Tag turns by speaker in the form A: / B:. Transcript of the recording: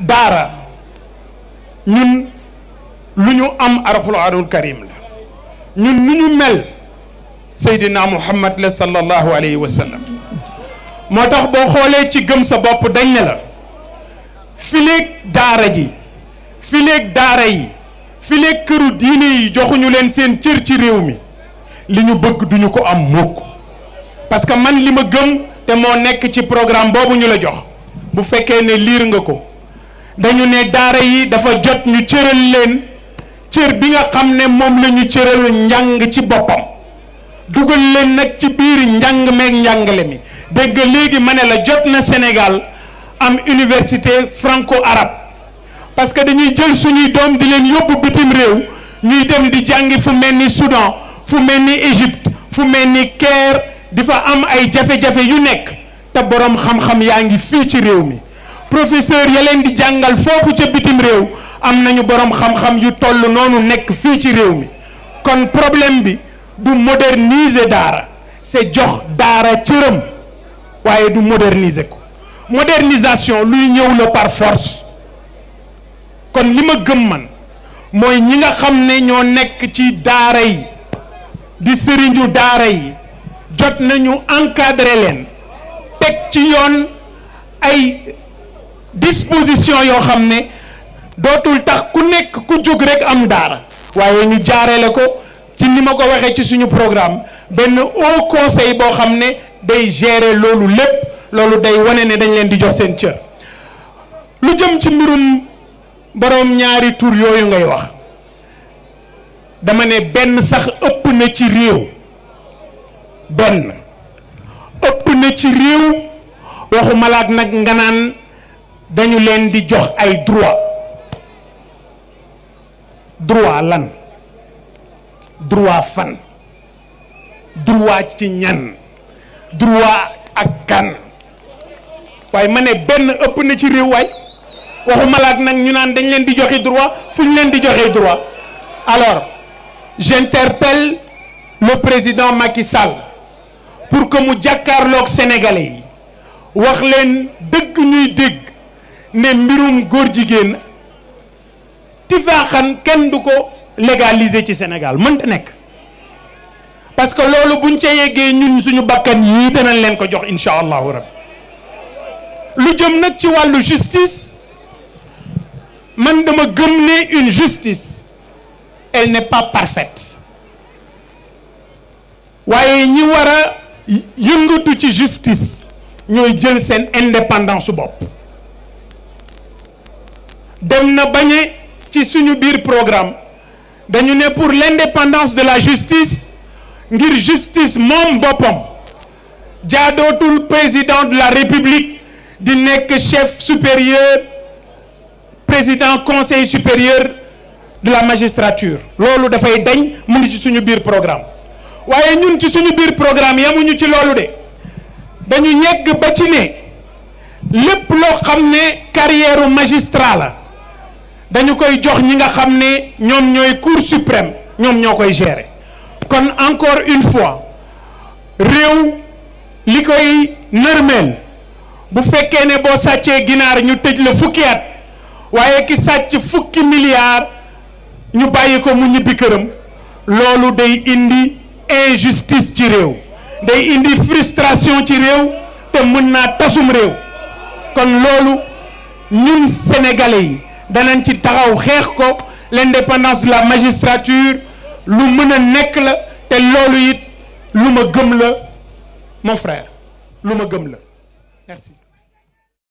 A: daara ñun lu ñu am alxuraanul karim la ñun nu ñu mel Seydina Muhammad la sallallahu alayhi wa sallam moo tax boo xoolee ci gëm sa bopp dañ ne la fileeg daara ji fileeg daara yi fileeg këru diine yi joxuñu leen seen cër ci réew mi li ñu bëgg duñu ko am mukk parce que man li ma gëm te moo nekk ci programme boobu ñu la jox bu fekkee ne liir nga ko dañu ne daara yi dafa jot ñu cëral leen cër bi nga xam ne moom la ñu cëral njàng ci boppam dugal leen nag ci biir njàng meeg njàngale mi dégg léegi ma ne la jot na Sénégal am université franco arab parce que dañuy jël suñuy doom di leen yóbbu bitim réew ñuy dem di jàngi fu mel ni Soudan fu mel ni Égypte fu mel ni Caire di fa am ay jafe-jafe yu nekk te boroom xam-xam yaa ngi fii ci réew mi professeur ya leen di jàngal foofu ca bitim réew am nañu boroom xam-xam yu toll noonu nekk fii ci réew mi kon problème bi du moderniser daara c'est jox daara cëram waaye du moderniser ko modernisation luy ñëw la par force kon li ma gëm man mooy ñi nga xam ne ñoo nekk ci daara yi di sëriñu daara yi jot nañu encadrer leen teg ci yoon ay disposition yoo xam ne dootul tax ku nekk ku jóg rek am daara waaye ñu jaareele ko ci ni ma ko waxee ci suñu programme benn haut conseil boo xam ne day gérer loolu lépp loolu day wane ne dañ leen di jox seen cër lu jëm ci mbirum boroom ñaari tur yooyu ngay wax dama ne benn sax ëpp na ci réew benn ëpp na ci réew waxu malaat nag nga naan dañu leen di jox ay droit droit lan droit fan droit ci ñan droit ak kan waaye ma ne benn ëpp na ci réew waay waxu malaat nag ñu naan dañ leen di joxe droit fuñ ñu leen di joxe droit alors j'interpelle le président Macky Sall pour que mu jàkkaarloog sénégalais yi wax leen dëgg ñuy dégg ne mbirum góor jigéen tifaaxan ken du légaliser ci Sénégal mënta nek parce que lolu buñ ci yeggee ñun suñu bakkan yii danañ leen ko jox inshallah allahu lu jëm nak ci walu justice man dama gëm né une justice elle n'est pas parfaite waye ñi wara yëngatu ci justice ñoy jël sen indépendance bop bopp dans na programme dañu pour l'indépendance de la justice la justice mom tout le président de la république di que chef supérieur président conseil supérieur de la magistrature Nous de dañ mu Nous ci suñu programme nous ñun ci un biir programme yamuñu ci loolu de dañu yegg ba ci ne lépp programme. carrière magistrat dañu koy jox ñi nga xam ne ñoom ñooy cour suprême ñoom ñoo koy gérer kon encore une fois réew li koy nërmeel bu fekkee ne boo sàccee ginaar ñu tëj la fukki at waaye ki sàcc fukki milliards ñu bàyyi ko mu ñibbi këram loolu day indi injustice ci réew day indi frustration ci réew te mën naa tasum réew kon loolu ñun sénégalais yi danañ ci taxaw xeex ko l'indépendance de la magistrature lu mën a la te loolu it lu gëm la mon frère lu gëm la merci